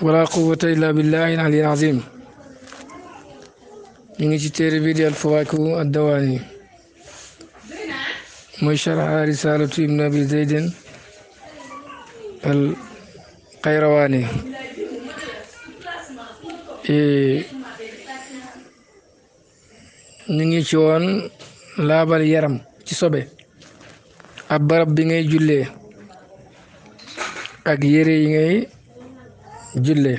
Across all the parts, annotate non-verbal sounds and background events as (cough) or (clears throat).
wala quwwata illa billahi al azim ñu ngi ci téere bi di al dawaani mooy sharxa risalatu ibn abi zaydin al qayrawaani ñu ngi ci woon laabal yaram ci sobe ab barab bi ngay julle ak yére yi ngay جلي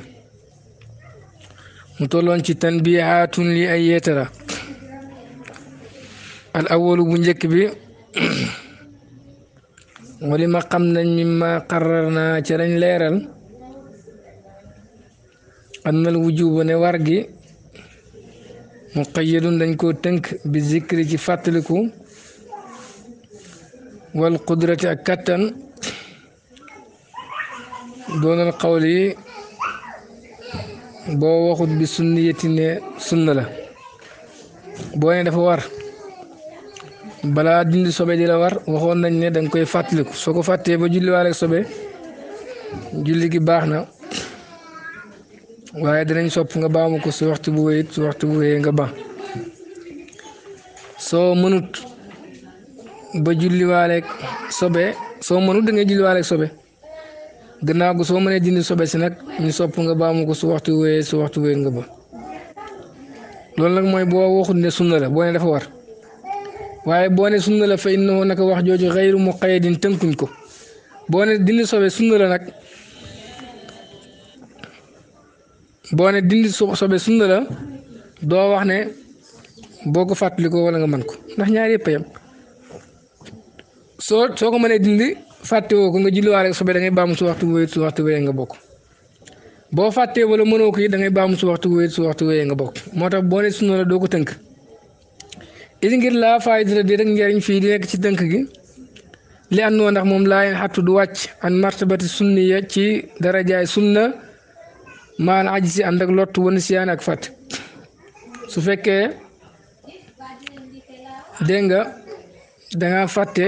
مطلون شي تنبيهات لأي ترى الأول بنجك بي (clears throat) ولما قمنا مما قررنا شرين ليرل أن الوجوب نوارجي مقيد لنكو تنك بالذكر فاتلكو والقدرة أكتن دون القول boo waxut bi sunniyati ne sunna la boo ne dafa war balaa dindi sobe di la war waxoon nañ ne danga koy fàttaliku soo ko fàttee ba julliwaale ak sobe julli gi baax na waaye danañ sopp nga baamu ko su waxtu bu wéyit su waxtu bu wéyee nga ba soo mënut ba julliwaale ak sobe soo mënut da ngay julliwaale sobe gannaaw gu soo mënee dindi sobe si nag ñu sopp nga baamu ko su waxtu wéyee su waxtu wéyee nga ba loolu nag mooy boo waxut ne sunna la boo ne dafa war waaye boo ne sunna la fa innahu naka wax jooju xayru muqayyadin tënkuñ ko boo ne dindi sobe sunna la nag boo ne dindi sobe sunna la doo wax ne boo ko fàttalikoo wala nga man ko ndax ñaar yëpp soo soo ko mënee dindi. fàtte fàttewoo ko nga julliwaale suba da ngay baamu su waxtu wéyut su waxtu wéyee nga bokk boo fàttee wala mënoo ko it da ngay baamu su waxtu wéyut su waxtu wéyee nga bokk moo tax boo ne sunna la doo ko tënk it ngir laa fayda la di rek njariñ fii di nekk ci tënk gi li àndoo ndax moom laa yéen xattu du wàcc an martabati sunniya ci darajaay sunna maan aj si ànd ak lott wan siyaan ak fàtt su fekkee dégg nga da fàtte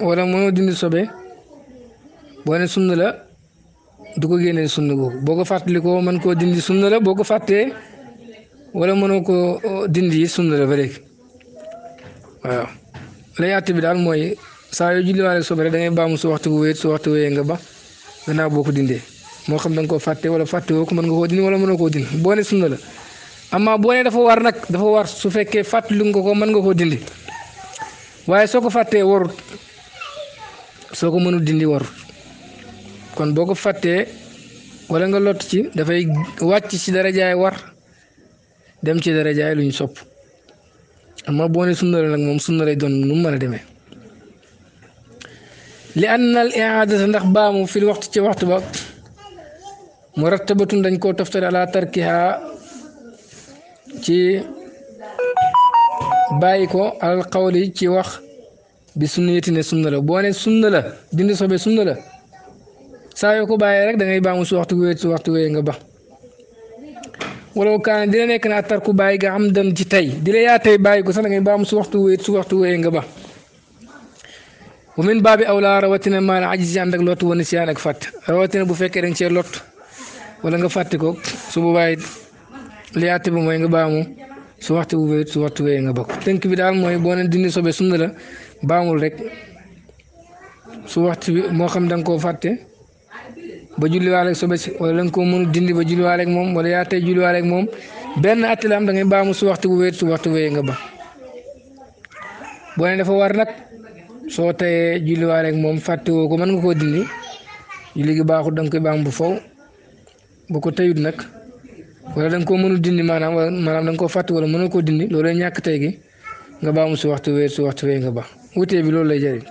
wala mënoo dindi sobe boo ne sunna la du ko génneel sunna googu boo ko fàttalikoo mën koo dindi sunna la boo ko fàttee wala mënoo koo dindi sunna la ba léegi waaw lay àtte bi daal mooy saa yoo julliwaale sobe rek da ngay baamu su waxtu bu wéet su waxtu wéyee nga ba gannaaw boo ko dindee moo xam da nga koo fàtte wala fàtte woo ko mën nga koo dindi wala koo dindi boo sunna la amma boo dafa war nag dafa war su fekkee fàttaliku ko mën nga koo dindi waaye soo ko fàttee warut soko mënul dindi warul kon boko ko wala nga lot ci da fay wàcc ci dara jaay war dem ci dara jaay ñu sopp amma boone sunna la nag moom sunna lay don nu mu deme a demee li anna al iadata ndax baamu fil waxtu ci waxtu ba murattabatun dañ koo toftale ala tarkiha ci bàyyi ko qawli ci wax bi sunnati ne sunna la boo ne sunna la dindi sobe sunna la saa ko bàyyee rek dangay ngay baamu si waxtu wéy si waxtu wéy nga ba wala kaan dina nekk naa tarku bàyyi nga xam dem ci tey di la yaa tey bàyyi ko sax da ngay baamu si waxtu nga ba bu min baabi awlaa rawatina maanaam ajis ànd ak lott bu fekkee da nga cee nga fàtte ko su boobaa it li yaate bi mooy daal mooy boo dindi sobe sunna la baamul rek su waxtu bi moo xam danga koo fàtte ba julliwaale ak sobe si koo mënu dindi ba julliwaale ak moom moom benn at la ngay baamu su waxtu bu su waxtu wéyee nga ba ne dafa war nag soo tayee julliwaale ak moom fàtte ko mën nga koo dindi julli gi baaxul da bu faw bu ko tayut nag wala da nga koo mënu dindi maanaam maanaam da nga koo fàtte wala mënoo koo dindi loolu ñàkk tey gi nga baamu su waxtu wéet su waxtu wéyee nga baa وتي بلو لا جاري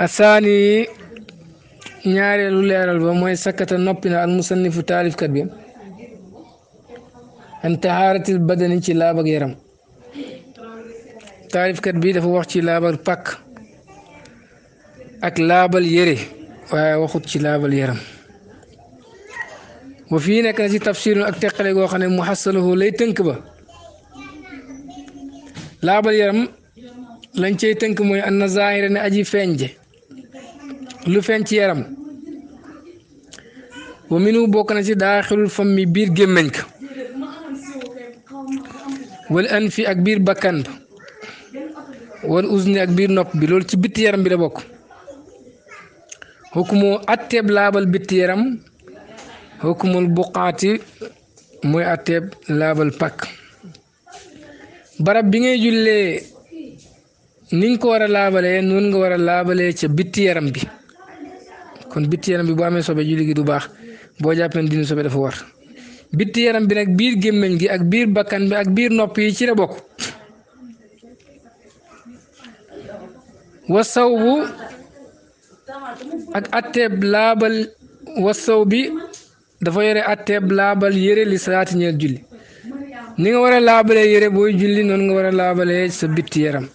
الثاني نيار لولارال بموي سكت نوبنا المصنف تعرف كبير ان طهاره البدن تي لا بغيرم تعرف كبير دا فوخ تي لابر باك اك لابل يري واي واخوت تي لابل يرم وفي نك نتي تفسير اك تقري غو خاني محصله ليتنك با لابل يرم lañ cey tënk mooy an na zaahira ne aji feeñ je lu feeñ ci yaram wa minu bokk na ci daaxilul fam biir gémmeñ ka wala an fi ak biir bakkan ba wala usni ak biir nopp bi lool ci bitti yaram bi la bokk xukumoo atteeb laabal bitti yaram xukumul buqaati mooy atteeb laabal pakk barab bi ngay jullee ni ko war a laabalee noonu nga war a laabalee ca bitti yaram bi kon bitti yaram bi boo amee sobe julli gi du baax boo jàppee ne dindi dafa war bitti yaram bi nag biir gémmiñ gi ak biir bakkan bi ak biir nopp yi ci la bokk wasaw bu ak atteeb laabal wasaw bi dafa yore atteeb laabal yére li salaati ñeel julli ni war a laabalee yére booy julli noonu nga war a laabalee sa bitti yaram.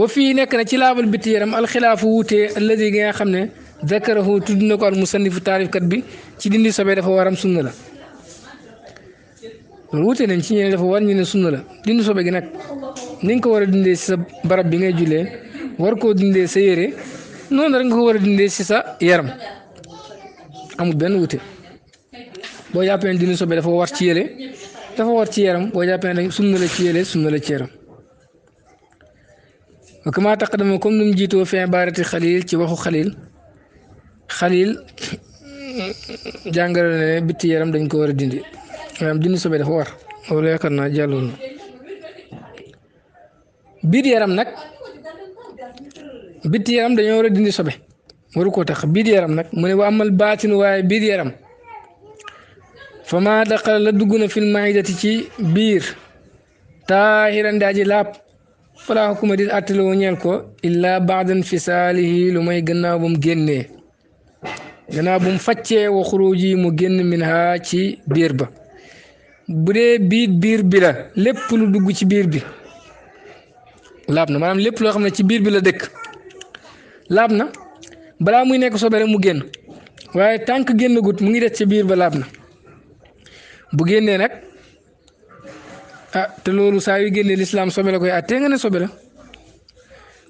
wa fii nekk na ci laabal bitti yaram alxilaafu wuutee alladi gi nga xam ne dakarahu tudd na ko al musannifu taarifkat bi ci dindi sobe dafa waram la loolu nañ ci ñeneen dafa war ñu ne la dindi sobe gi nag ni ko war a dindee si sa barab bi ngay jullee war koo dindee sa yére noonu rek ko war a dindee si sa yaram amul benn wuute boo jàppee ne dindi sobe dafa war ci yére dafa war ci yaram boo jàppee ne sunna la ci yére sunna ci yaram wa kama taqaddama comme nu mu jiitoo fi ibarati xalil ci waxu xalil xalil jàngale bitti yaram dañ ko war a dindi maanaam sobe dafa war loolu yaakaar naa jàlloon na yaram nag bitti yaram dañoo war a dindi sobe waru ko tax biir nag mu ne wa amal baatin waaye biir yaram fa ma daqala la dugg na maa maidati ci biir taahiran daaji laab falaa xukuma di attalawu ñeel ko illaa baadan fisaalihi lu may gannaaw bu mu génnee gannaaw bu mu faccee wa xuruji mu génn min ha ci biir ba bu dee biir bila la lépp lu dugg ci biir bi laab na maanaam lépp loo xam ne ci biir bi la dëkk laab na balaa muy nekk sobe rek mu génn waaye tànk génn gut mu ngi des ci biir ba na bu génnee nag ah te loolu saa yu génnee lislaam sobe la koy attee nga ne sobe la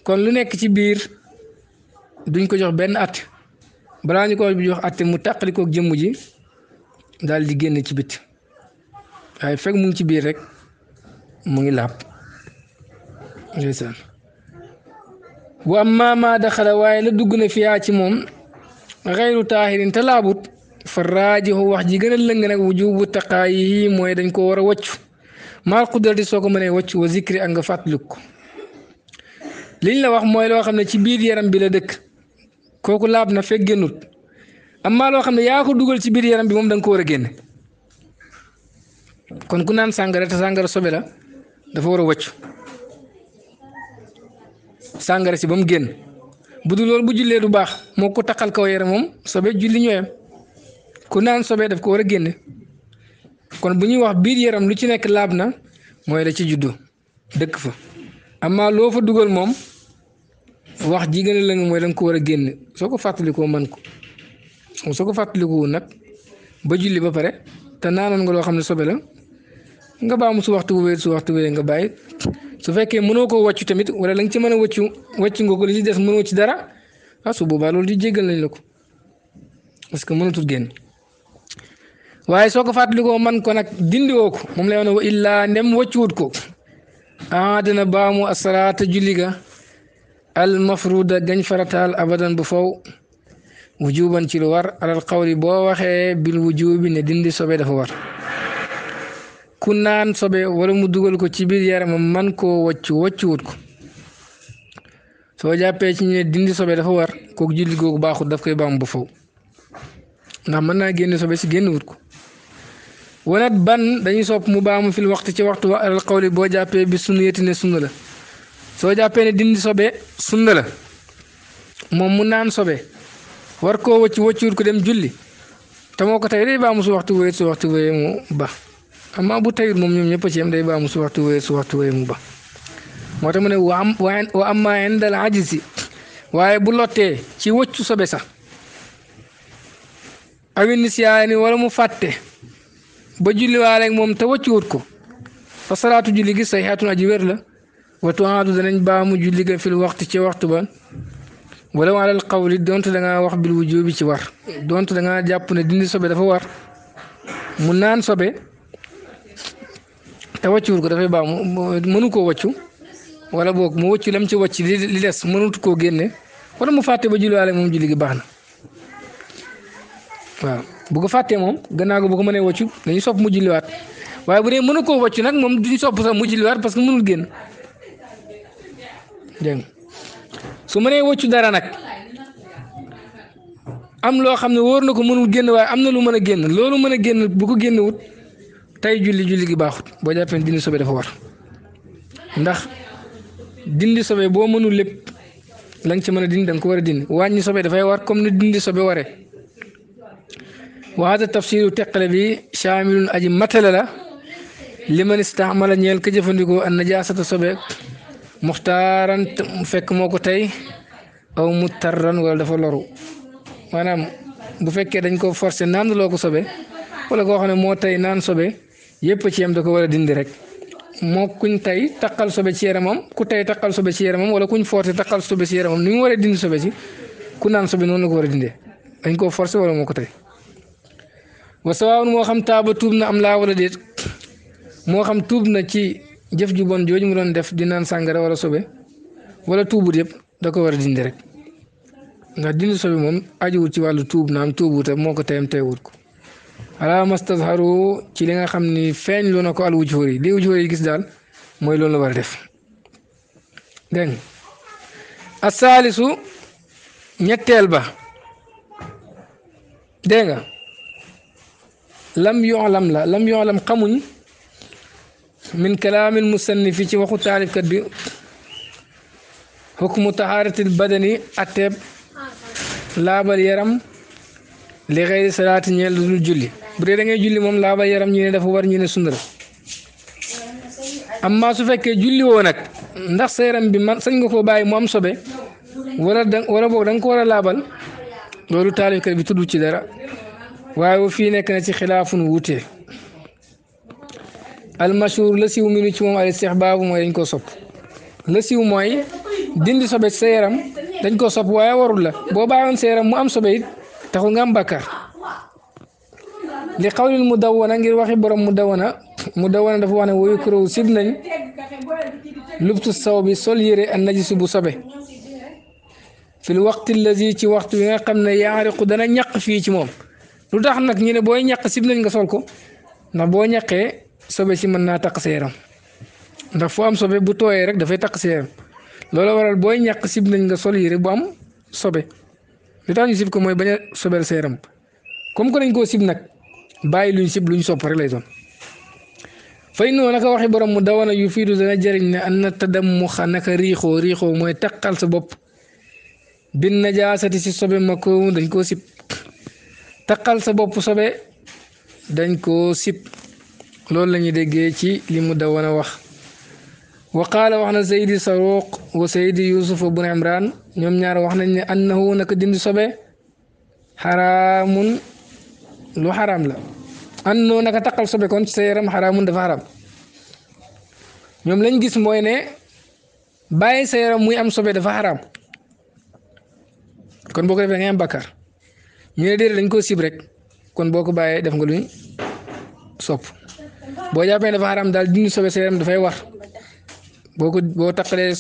kon lu nekk ci biir duñ ko jox benn at balaa ñu ko jox atte mu tàqali koog ji daal di ci bit waaye fekk ci biir rek mu ngi laab ndeysaan waaye la dugg na fiyaa ci moom xayru taahirin te laabut fa raajihu wax ji gën a lëng nag wujubu taqaayi mooy dañ koo war a wacc maal xudrati soo ko mënee wàcc wa zikri ak nga fàttaliku ko liñ la wax mooy loo xam ne ci biir yaram bi la dëkk kooku laab na fekk génnut amaa loo xam ne yaa ko dugal ci biir yaram bi moom da ko war a génne kon ku naan sàngara te sàngara sobe la dafa war a wàcc sàngara si ba mu génn bu dul loolu bu jullee du baax moo ko takkal kaw yaram moom sobe julli ñooyam ku naan sobe def ko war a génne. kon bu ñuy wax biir yaram lu ci nekk laab na mooy la ci juddu dëkk fa amaa loo fa dugal moom wax ji gën a mooy da nga ko war a génn soo ko fàttalikoo man ko soo ko fàttalikoo nag ba julli ba pare te naanoon nga loo xam ne sobe la nga baamu su waxtu bu wér su waxtu bu wér nga bàyyi su fekkee mënoo ko wàccu tamit wala la nga ci mën a wàccu wàccu nga ko li ci des mënoo ci dara ah su boobaa loolu di jéggal nañ la ko parce que mënatul génn. waaye soo ko fàttalikoo man ko nag dindi woo ko moom lay wane wa illaa ndem wëccuwut ko ah dina baamu asalaata julliga al mafruda gañ farataal abadan bu faw wujuban ci lu war alal xawli boo waxee bil wujubi ne dindi sobe dafa war ku naan sobe wala mu dugal ko ci biir yaramam man koo waccu waccuwut ko soo jàppee ci ñu ne dindi sobe dafa war kooku julli googu baaxut daf koy baam bu faw ndax mën naa génne sobe si génn wut ko wanat ban dañuy sopp mu baamu fil waxtu ci waxtu wa alal boo jàppee bi sunniyati ne sunna la soo jàppee ne dindi sobe sunna la moom mu naan sobe war koo wëcc wëccuur ko dem julli te moo ko tey day baamu su waxtu wéyee su waxtu wéyee mu ba amma bu tayut moom ñoom ñëpp ci yem day baamu su waxtu wéyee su waxtu wéyee mu ba moo tax mu ne wa amma indal ajisi waaye bu lottee ci wëccu sobe sax awin nisyaani wala mu fàtte ba julliwaale ak moom te wàccuwut ko fa salaatu gis gi saxiixatun aji wer la wa tuaadu danañ baamu julli ga fil waxtu ci waxtu ba wala waa qawli donte da ngaa wax bil wujubi ci war dont da ngaa jàpp ne dindi sobe dafa war mu naan sobe te wàccuwut ko dafay baamu mënu koo wàccu wala boog mu wàccu lam ci wacc li des mënut koo génne wala mu fàtte ba julliwaale ak moom julli gi baax na waaw. bu ko fàttee moom gannaaw bu ko mënee wàccu dañuy sopp mu julliwaat waaye bu dee mënu koo wàccu nag moom duñ sopp sax mu julliwaat parce que mu génn dégg su mënee wàccu dara nag am loo xam ne wóor na ko mënul génn waaye am na lu mën a génn loolu mën a génn bu ko génn wut tey julli julli gi baaxut boo jàppee dindi sobe dafa war ndax dindi sobe boo mënul lépp la nga ci mën a dindi da nga ko war a dindi wàññi sobe dafay war comme ni dindi sobe waree. wa hada tafsiru teqale bi caamilun aji matale la liman istaxmala ñeel ka jëfandikoo an najaasata sobeek muxtaaran fekk moo ko tey aw mutarran wala dafa loru maanaam bu fekkee dañ koo forcé naan loo ko sobe wala koo xam ne moo tey naan sobe yëpp ci yam da ko war a dindi rek moo kuñ tey taqal sobe ci yaramam ku tey taqal sobe ci yaramam wala kuñ forcé taqal sobe ci yaramam ni mu war a dindi sobe ci ku naan sobe noonu la ko war dindee dañ koo forcé wala moo ko tey wa moo xam taaba tuub na am laa wara déet moo xam tuub na ci jëf ju bon jooju mu doon def di naan sàngara wala sobe wala tuubut yëpp da ko war a dindi rek ndax dindi sobe moom ajuwut ci wàllu tuub naam tuubuta moo ko tayam teewut ko ala mastazharu ci li nga xam ni feeñ lu na ko al wujuhur yi li wujuhur yi gis daal mooy loolu la war a def dégg asaalisu ñetteel ba dégg nga لم يعلم لا لم يعلم قم من كلام المصنف في وقت تعرف كتب حكم طهارة البدن أتب لا بل يرم لغير صلاة نيل الجلي بري دا جولي موم لا بل يرم ني دافو وار ني سندر اما سو فك جولي و نك ندخ سيرم بي مان سنغ كو باي موم صوبي ولا ولا بو دا نكو ورا لابل لولو تعرف كتب تودو سي دارا waaye wa fii nekk na ci xilaafun wuute almashhur la siw minu ci moom al istihbaabu mooy dañ ko sopp la siw mooy dindi sobe sa yaram dañ ko sopp waaye warul la boo bàyyoon sa yaram mu am sobe it taxul nga am bàkkaar li xawlil mu dawwana ngir waxi borom mu dawwana mu dawwana dafa wax ne woyu kuréw sib nañ lubtu saw bi sol yére an najisu bu sobe fil waqti allazi ci waxtu bi nga xam ne yaariqu dana ñaq fii ci moom lu tax nag ñu ne booy ñaq sib nañ nga sol ko ndax boo ñaqee sobe si mën naa taq sa yaram ndax foo am sobe bu tooyee rek dafay taq sa yaram loolu booy ñaq sib nañ nga sol yére bu am sobe li tax ñu sib ko mooy bañ a sobeel sa yaram comme que dañ koo sib nag bàyyi luñ sib luñ sopp rek lay doon fay noonu naka waxi borom mu dawana yu fiidu dana jëriñ ne an na tadam mu xa naka riixoo riixoo mooy taqal sa bopp bin najaasati si sobe ma ko dañ koo sib taqal sa bopp sobe dañ koo sib loolu la ñu déggee ci li mu dawoon a wax wa qaala wax na saydi saruq wa saydi yusuf bun imran ñoom ñaar wax nañ ne annahu naka dindi sobe xaraamun lu xaraam la annoo naka taqal sobe kon sa yaram xaraamun dafa xaraam ñoom lañ gis mooy ne bàyyi sa yaram muy am sobe dafa xaraam kon boo ko defee ngay am bakkaar ñu ne déedéet dañ koo sib rek kon boo ko bàyyee def nga luñ sopp boo jàppee dafa xaram daal dindi sobe sa dafay war boo ko boo taqalee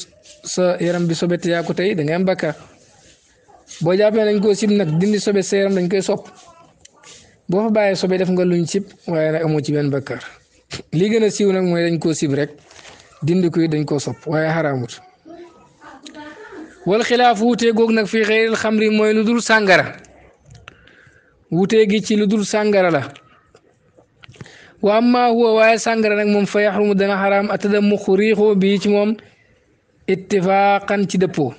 sa yaram bi sobe te ko tey da am bàkkaar boo jàppee dañ koo sib nag dindi sobe sa yaram dañ koy sopp boo fa bàyyee sobe def nga luñ sib waaye nag amoo ci benn (laughs) lii gën a siiw nag mooy dañ koo sib rek dindi koy dañ koo sopp waaye xaraamut wal xilaaf wuutee goog nag fii xëyril xamri mooy lu dul sàngara wutee gi ci lu dul sàngara la wa amma huwa waaye sàngara nag moom fa yaxrumu dana xaraam atada muqu riixoo bii ci moom ittifaqan ci dëppoo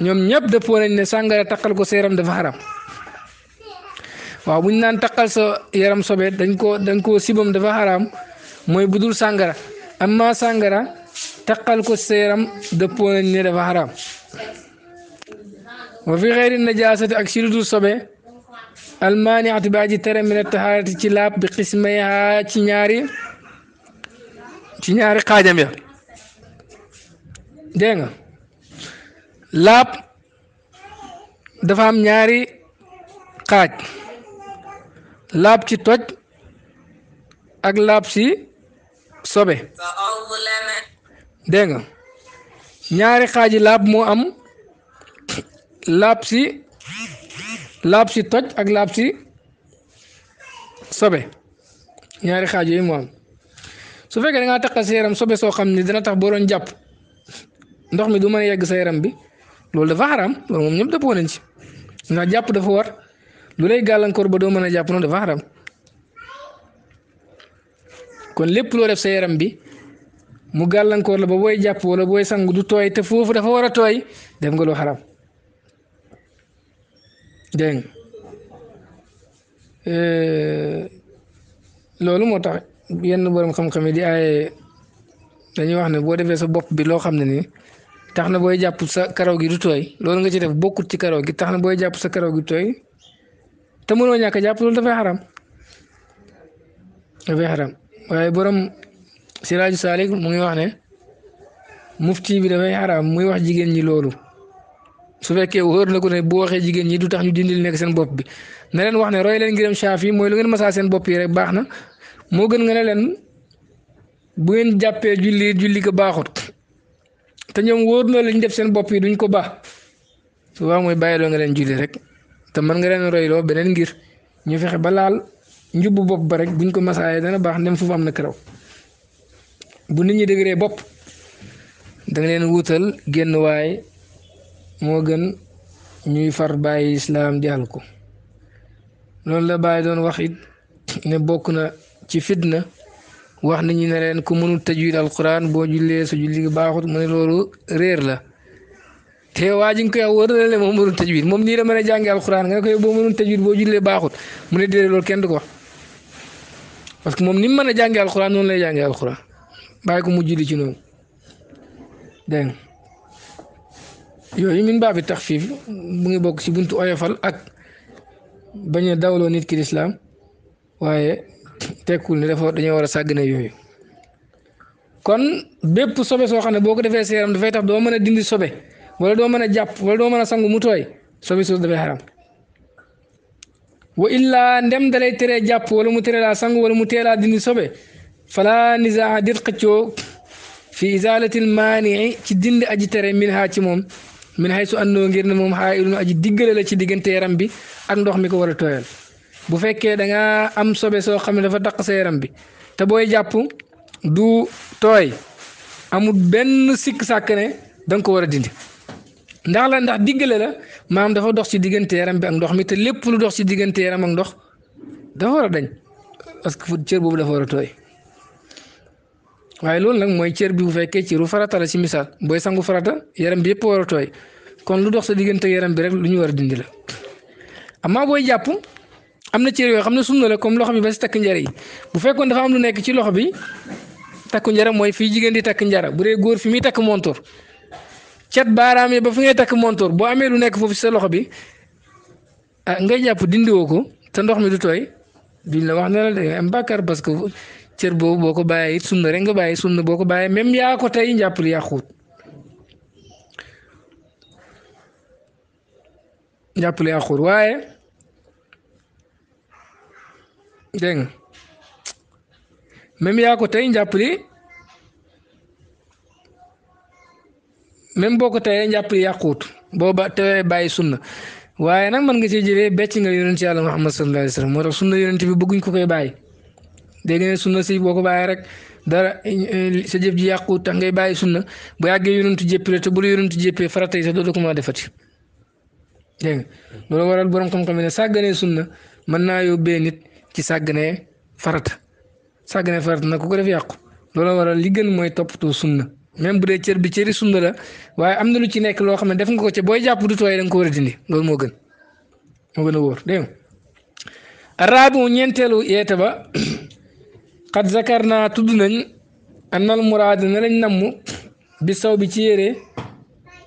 ñoom ñëpp dëppoo nañ ne sàngara taqal ko seeram dafa xaram waaw bu naan taqal yaram sobe dañ koo dañ koo sibam dafa xaram mooy bu dul sàngara amma sàngara taqal ko sa yaram dëppoo nañ ne dafa xaram wa fi xeyri najaasati ak ci lu dul sobe almaaniatu bi aji tere min taxaarati ci laab bi xismayaa ci ñaari ci ñaari xaajam ya dégg laab dafa am ñaari xaaj laab ci toj ak laab si sobe dégg nga ñaari xaaji laab moo am laab si laab si toj ak laab si sobe ñaari xaaj yooyu mu am su fekkee da ngaa taqal sa yaram sobe soo xam ni dana tax boo doon jàpp ndox mi du man a yegg sa yaram bi loolu dafa xaram loolu moom ñëpp nañ ci ndax jàpp dafa war lu lay gàllankoor ba doo mën a jàpp noonu dafa xaram kon lépp loo def sa yaram bi mu gàllankoor la ba booy jàpp wala booy sangu du tooy te foofu dafa war a tooy dem nga lu xaram dégg eh, loolu moo tax yenn borom xam yi di dañuy wax ne boo defee sa bopp bi loo xam ne nii tax na booy jàpp sa karaw gi du tooy loolu nga ci def bokkut ci karaw gi tax na booy jàpp sa karaw gi tooy te mënoo ñàkk jàpp loolu dafay xaram dafay xaram waaye borom Siraaju Saalik mu ngi wax ne mufti bi dafay xaram muy wax jigéen ñi loolu. su fekkee wóor na ko ne bu waxee jigéen ñi du tax ñu dindil nekk seen bopp bi na leen wax ne roy leen ngiram saaf yi mooy lu ngeen masaa seen bopp yi rek gën nga ne leen ngeen jàppee julli julli ko baaxut te ñoom wóor na lañ def seen bopp yi duñ ko baax su souvent mooy bàyyiloo nga leen julli rek te mën nga leen royloo beneen ngir ñu fexe ba laal njubu bopp ba rek buñ ko masaayee dana baax ndem foofu am na karaw bu nit ñi dëgëree bopp da leen wuutal genn waay moo gën ñuy far bàyyi islaam di alku loolu la bàyyi doon wax it ne bokk na ci fitna wax nit ñi ne leen ku mënul tajwid alquran boo jullee sa julli baaxut mu ne loolu réer la te waa ji nga koy wóor na leen moom mënul tajwid moom nii la mën a jàngee alquran nga ne ko boo mënul tajwid boo jullee baaxut mu loolu kenn du ko wax parce que moom ni mu mën a jàngee alquran noonu lay jàngee alquran bàyyi ko mu julli ci noonu yooyu min baabi taxfiif mu ngi bokk ci buntu oyofal ak bañ a dawloo nit ki waaye tekkul ne dafa dañoo war a sàggane yooyu kon bépp sobe soo xam ne boo ko defee sa yaram dafay tax doo mën a dindi sobe wala doo mën a jàpp wala doo man a sangu mu tooy sobe soosu dafay xaram wa illaa ndem dalay teree jàpp wala mu tere la sangu wala mu teelaa dindi sobe fala nisaa dit xëccoo fi isalatil maanii ci dindi aji tere min haa ci moom min hay su àndoo ngir ne moom xaa ilun aji diggale la ci diggante yaram bi ak ndox mi ko war a tooyal bu fekkee da nga am sobe soo xam ne dafa daq sa yaram bi te booy jàpp du tooy amul benn sikk sàkk ne da nga ko war a dindi ndax la ndax diggale la maam dafa dox ci diggante yaram ndox mi te lépp lu dox ci diggante yaram ak ndox dafa war a dañ parce que cër boobu dafa war a tooy waaye loolu nag mooy cër bi bu fekkee ciru farata la ci misaal booy sangu farata yaram bi yëpp war a tooy kon lu dox sa diggante yaram bi rek lu ñu war a dindi la amaa booy jàpp am na cër yoo xam ne sunna la comme loxo bi ba si takk njara bu fekkoon dafa am lu nekk ci loxo bi takk njara mooy fii jigéen di takk njara bu dee góor fi muy takk montor cet baaraam yi ba fi ngay takk montor boo amee lu nekk foofu si sa loxo bi ah ngay jàpp dindiwoo ko te ndox mi du tooy duñ la wax ne la da ngay cër boobu boo ko bàyyee it sunna rek nga bàyyi sunna boo ko bàyyee même yaa ko tey njàppal yàquut njàppal yàquut waaye dégg nga même yaa ko tey boo ko teyee njàppali yàquut boo ba tewee bàyyi sunna waaye nag man nga ci jëlee becc nga yonent yàlla Muhammad sallallahu alayhi wa sallam moo sunna yonent bi bëgguñ ko koy bàyyi dégg ne sunna si boo ko bàyyee rek dara eh, sa jëf ji yàqu tax ngay bàyyi sunna bu yàggee yonentu jëppi la te bu la yonentu jëppee farata yi sax doo ko mën a defati dégg nga loolu waral borom xam-xam ne sàgganee sunna mën naa yóbbee nit ci sàgganee farata sàgganee farata nag ku ko def yàqu loolu waral li gën mooy toppatoo sunna même bu dee cër bi cëri sunna la waaye am na lu ci nekk loo xam ne def nga ko ca booy jàpp du tooy da nga ko war a dindi loolu moo gën moo gën (clears throat) xat zakar naa tudd nañ annal muraada na lañ namm bi saw bi ci yére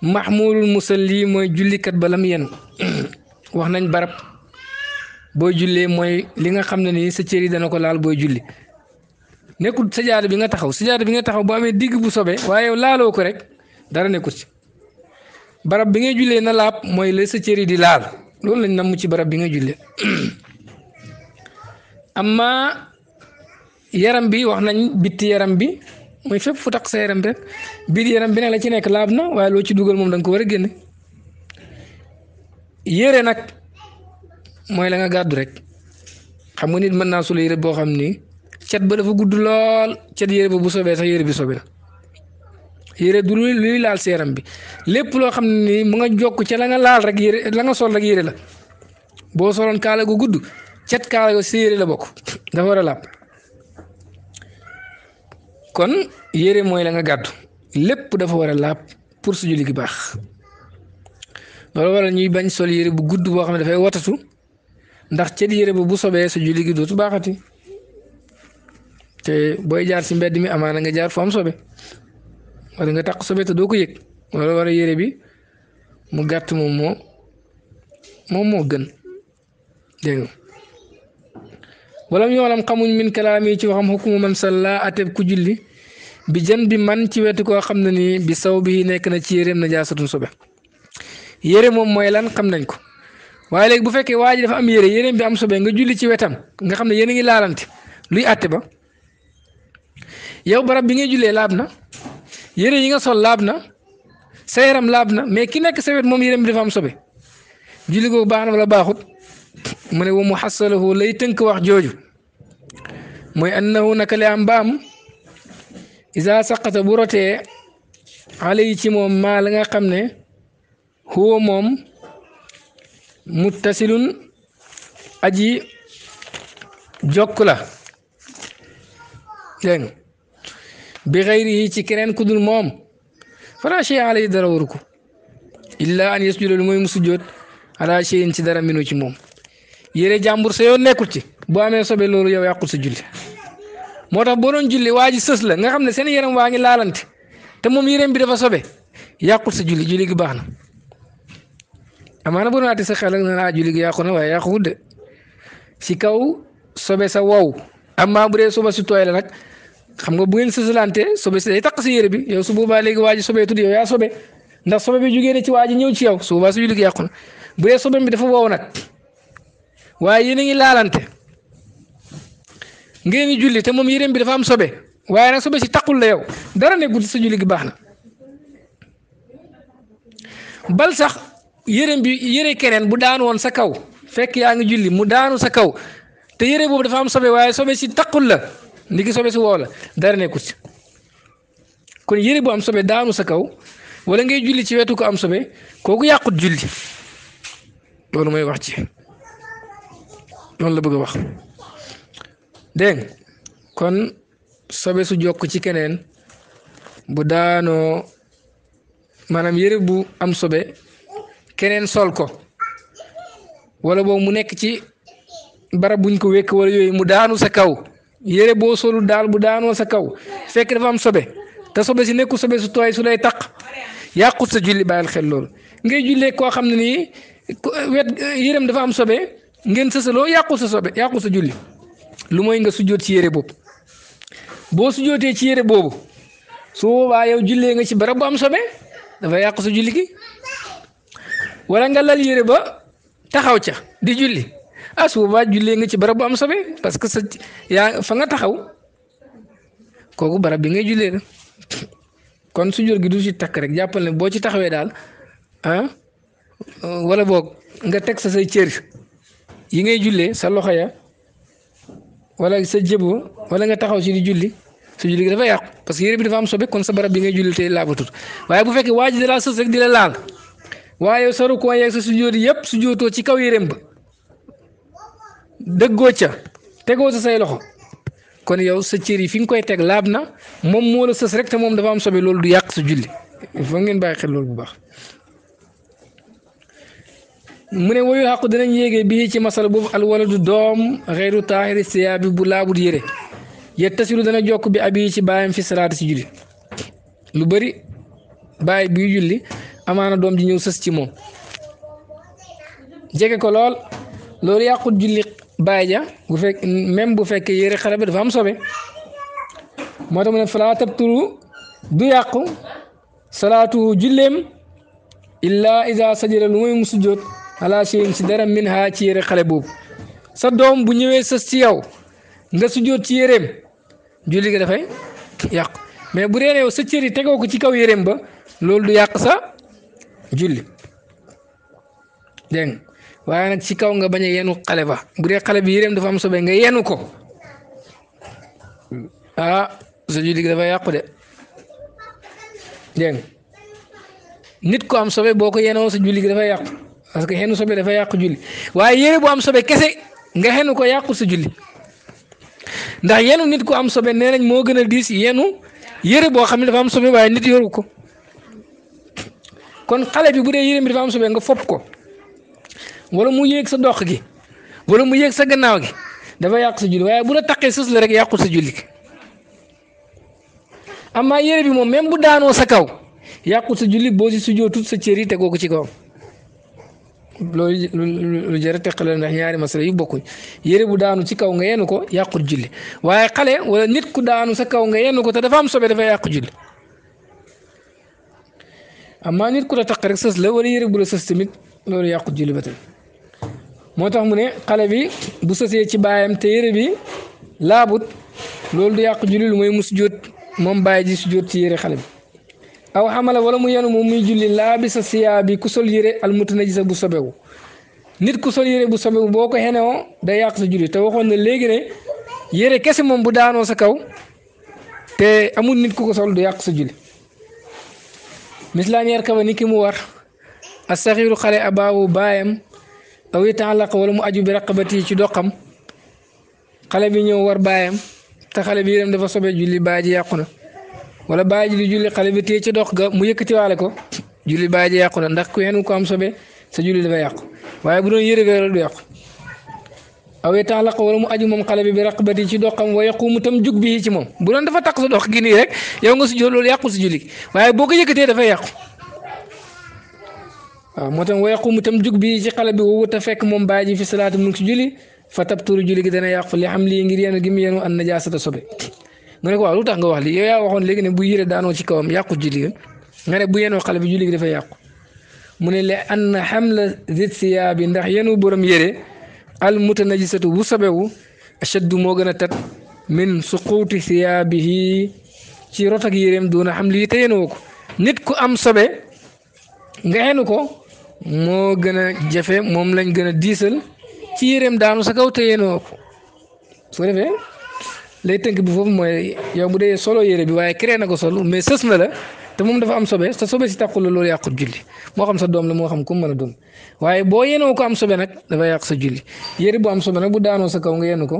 mahmulul musalli mooy jullikat ba lam yenu (clears throat) wax nañ barab booy jullee mooy li nga xam ne ni sa cër dana ko laal booy julli nekkul sajaada bi nga taxaw sajaada bi nga taxaw bu amee digg bu sobee waaye yow laaloo ko rek dara nekkul ci barab bi nga jullee na laab mooy la sa cër di laal loolu lañ namm ci barab bi nga jullee (clears throat) amma yaram bi wax nañ biti yaram bi muy fépp fu tax sa yaram bi rek biir yaram bi nag la ci nek laab na waaye loo ci dugal mom dang ko wara genn yere nak moy la nga gaddu rek xam nga nit man na sulu yére bo xamni ciat ba dafa gudd lol ciat yere bu sobe sax yere bi sobe la yere du luy laal sa bi lepp lo xamni mu nga jokk ci la nga laal rek yere la nga sol rek yere la bo solon kala gu gudd ciat kala sa la (laughs) dafa wara lapp kon yére mooy la nga gàddu lépp dafa war a laab pour su julli gi baax war a ñuy bañ sol yére bu gudd boo xam ne dafay watatu ndax cët yére bu bu sobee sa julli gi dootu baaxati te booy jaar si mbedd mi amaana nga jaar foo am sobe wala nga taq sobe te doo ko yëg loolu war a yére bi mu gàtt moom moo moom moo gën dégg nga walam yoolam xamuñ min kalaam yi ci waxam xukuma man salla ateb ku julli bi jën bi man ci wetu ko xam ne nii bi saw bi nekk na ci yéreem na jaasatun sobe yére moom mooy lan xam nañ ko waaye léegi bu fekkee waa ji dafa am yére yéreem bi am sobe nga julli ci wetam nga xam ne yéen ngi laalante luy àtte ba yow barab bi ngay jullee laab na yére yi nga sol laab na sa yaram laab na mais ki nekk sa wet moom yéreem bi dafa am sobe julli ko baax na la baaxut. mu ne mu xasalahu lay tënk wax jooju mooy annahu naka li am mbaam isa saqata bu rotee yi ci moom maa la nga xam ne huwa moom muttasilun aji jokk la dégg bi xayri yi ci keneen ku dul moom fala shay alayhi dara waru ko illa an yasjuda lu mooy mu sujjoot ala shayin ci dara minu ci moom yére jàmbur sa yoon nekkul ci boo amee sobe loolu yow yàqul sa julli moo tax boo doon julli waa ji sës la nga xam ne seen yaram waa ngi laalante te moom yaram bi dafa sobe yàqul sa julli julli gi baax na amaana bu naati sa xel ak na laa ah, julli gi yàqu na waaye yàquwul de kaw sobe sa wow amaa bu dee soba si tooy la nag xam nga bu ngeen sësalante sobe si day taq si yére bi yow su boobaa léegi waa ji sobee tudd yow yaa sobe ndax sobe bi jugee ne ci waa ji ñëw ci yow su boobaa sa julli gi yàqu na bu dee sobe bi dafa wow nag. waaye yéen a ngi laalante ngeen di julli te moom yéreem bi dafa am sobe waaye nag sobe si taqul la yow dara ne guddi sa julli gi baax na bal sax yéreem bi yére keneen bu daan woon sa kaw fekk yaa ngi julli mu daanu sa kaw te yére boobu dafa am sobe waaye sobe si taqul la ndigi sobe si woo la dara nekkul si kon yére bu am sobe daanu sa kaw wala ngay julli ci wetu ko am sobe kooku yàqut julli loolu mooy wax ci loolu la bëgg a wax dégg kon sobe su jokk ci keneen bu daanoo maanaam yëre bu am sobe keneen sol ko wala boobu mu nekk ci barab buñ ko wekk wala yooyu mu daanu sa kaw yëre boo solu daal bu daanoo sa kaw fekk dafa am sobe te sobe si nekku sobe su tooy su lay taq yàqut sa julli bàyyil xel loolu ngay jullee koo xam ne nii wet dafa am sobe ngeen sësaloo yàqul sa sobe yàqul sa julli lu mooy nga sujjoot ci yére boobu boo sujjootee ci yére boobu su boobaa yow jullee nga ci barab bu am sobe dafa yàq sa julli wala nga lal yére ba taxaw ca di julli ah su boobaa nga ci barab bu am sobe parce que sa yaa fa nga taxaw kooku barab bi ngay jullee kon sujjoot gi du ci takk rek jàppal ne boo ci taxawee daal ah wala boog nga teg sa say cër. yi ngay jullee sa loxo ya wala sa jëbo wala nga taxaw si di julli su julli gi dafa yàqu parce que yére bi dafa am sobe kon sa barab bi ngay julli tey laabatut waaye bu fekkee waa ji dalaa sës rek di la laal waaye sa rukkoo yeeg sa sujjóot yëpp sujjóotoo ci kaw yéreem ba dëggoo ca tegoo sa say loxo kon yow sa cër yi fi nga koy teg laab na moom moo la rek te moom dafa am sobe loolu du yàq sa julli il faut ngeen bàyyi xel loolu bu baax. mu ne woyu xaqu dinañ yéegee bii ci masala boobu alwaladu doom xeyru taahiri siyaa bi bu laabut yére yettasilu dana jokk bi abi ci baayam fi salaati ci julli lu bëri baay bii julli amaana doom ji ñëw sës ci moom jege ko lool loolu yàqut julli baay ja bu fekk bu fekkee yére xale bi dafa am sobe moo tax mu ne falaa salaatu julleem illaa iza sajada lu muy sujjóot ala si dara min ha ci yére xale boobu sa doom bu ñëwee sa ci yow nga sujjóot ci yéreem julli ga dafay yàqu mais bu dee yow sa cër yi ko ci kaw yéreem ba loolu du yàq sa julli dégg ci kaw nga bañ a yenu xale ba bu xale bi yéreem dafa am sobe nga yenu ko ah sa dafay yàqu de dégg nit ko am sobe boo ko yenoo sa julli ga dafay yàqu. parce que xenu sobe dafa yàqu julli waaye yére bu am sobe kese nga xenu ko yàqu sa julli ndax yenu nit ku am sobe nee nañ moo gën a diis yenu yére boo xam ne dafa am sobe waaye nit yoru ko kon xale bi bu dee yére bi dafa am sobe nga fopp ko wala mu yéeg sa dox gi wala mu yéeg sa gannaaw gi dafa yàqu sa julli waaye bu la taqee sës rek yàqu sa julli amaa yére bi moom même bu daanoo sa kaw yàqu sa julli boo si sujjoo tut sa cër yi tegoo ko ci kawam. loolu lu jërë teqale ndax ñaari masala yu bokkuñ yére bu daanu ci kaw nga yenn ko yàqut julli waaye xale wala nit ku daanu sa kaw nga yenn ko te dafa am sobe dafa yàqu julli amma nit ku la taq rek sës la wala yére bu la sës tamit loolu yàqut julli ba tey moo tax mu ne xale bi bu sësee ci baayam te yére bi laabut loolu du yàqu julli lu mooy mu sujjóot moom bàyyi ji sujjóot ci yére xale bi aw xamala wala mu yenu moom muy julli laabisa siyaabi ku sol yére almutanajisa bu sobewu nit ku sol yére bu sobewu boo ko xenewoo day yàq sa julli te waxoon na léegi ne yére kese moom bu daanoo sa kaw te amul nit ku ko sol du yàq sa julli mislaañeer kaba ni ki mu war a saxiiru xale abaawu baayam aw yata'allaq wala mu aju bi raqabati ci doqam xale bi ñëw war baayam te xale bi yéreem dafa sobe julli baa ji yàqu na wala bàyyi ji di julli xale bi téye ci dox ga mu yëkkatiwaale ko julli bàyyi ji yàqu na ndax ku yenu ko am sobe sa julli dafa yàqu waaye bu doon yëre bi du yàqu awee taxlaqa wala mu aju moom xale bi bi raqabati ci doxam wa yaqumu tam jug bi ci moom bu doon dafa sa dox gi rek yow nga su jël loolu yàqu waaye boo ko yëkkatee dafay yàqu waaw moo tax wa yaqumu bi ci xale bi wowut a fekk moom bàyyi ji fi salaatu mu ngi si julli fa tabturu julli gi dana yàqu li xam lii ngir yéen a gëm yéen a an najaasata sobe mu ne ko waaw lu tax nga wax lii yow yaa waxoon léegi ne bu yére daanoo ci kawam yàqu julli ga nga ne bu yenoo xale bi julli gi dafa yàqu mu ne le an na xamla zit siyaa bi ndax yenu borom yére al mutanajisatu bu sabewu ashaddu moo gën a tat min suquuti siyaabihi ci rot ak yéreem doona xam lii te yenoo ko nit ku am sobe nga yenu ko moo gën a jafe moom lañ gën a diisal ci yéreem daanu sa kaw te yenoo ko su defee lay tënk bi foofu mooy yow bu dee solo yére bi waaye créé na ko sol mais sës na la te moom dafa am sobe te sobe si tàqul la loolu yàqut julli moo xam sa doom la moo xam ku mën a doon waaye boo yenoo ko am sobe nag dafa yàq sa julli yére bu am sobe nag bu daanoo sa kaw nga yenu ko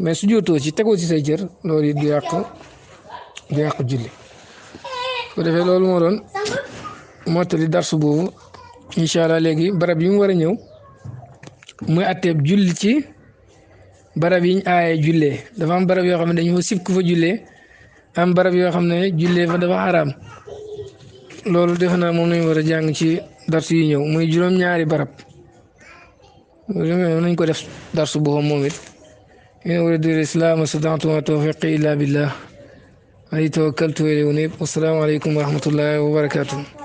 mais su jootoo ci tegoo si say jër loolu it du yàq du yàq julli bu defee loolu moo doon mottali darsu boobu incha allah léegi barab yi mu war a ñëw muy atteeb julli ci. barab yiñ aaye jullee dafa am barab yoo xam ne dañu fa sib fa jullee am barab yoo xam ne jullee fa dafa xaraam loolu defe naa moom lañu war a jàng ci darsu yi ñëw muy juróom-ñaari barab nañ ko def darsu bo moom it in uridu al-islaam mastata'tu wa tawfiqi illa billah alayhi tawakkaltu wa ilayhi unib wassalaamu aleykum wa rahmatullahi wa barakatuh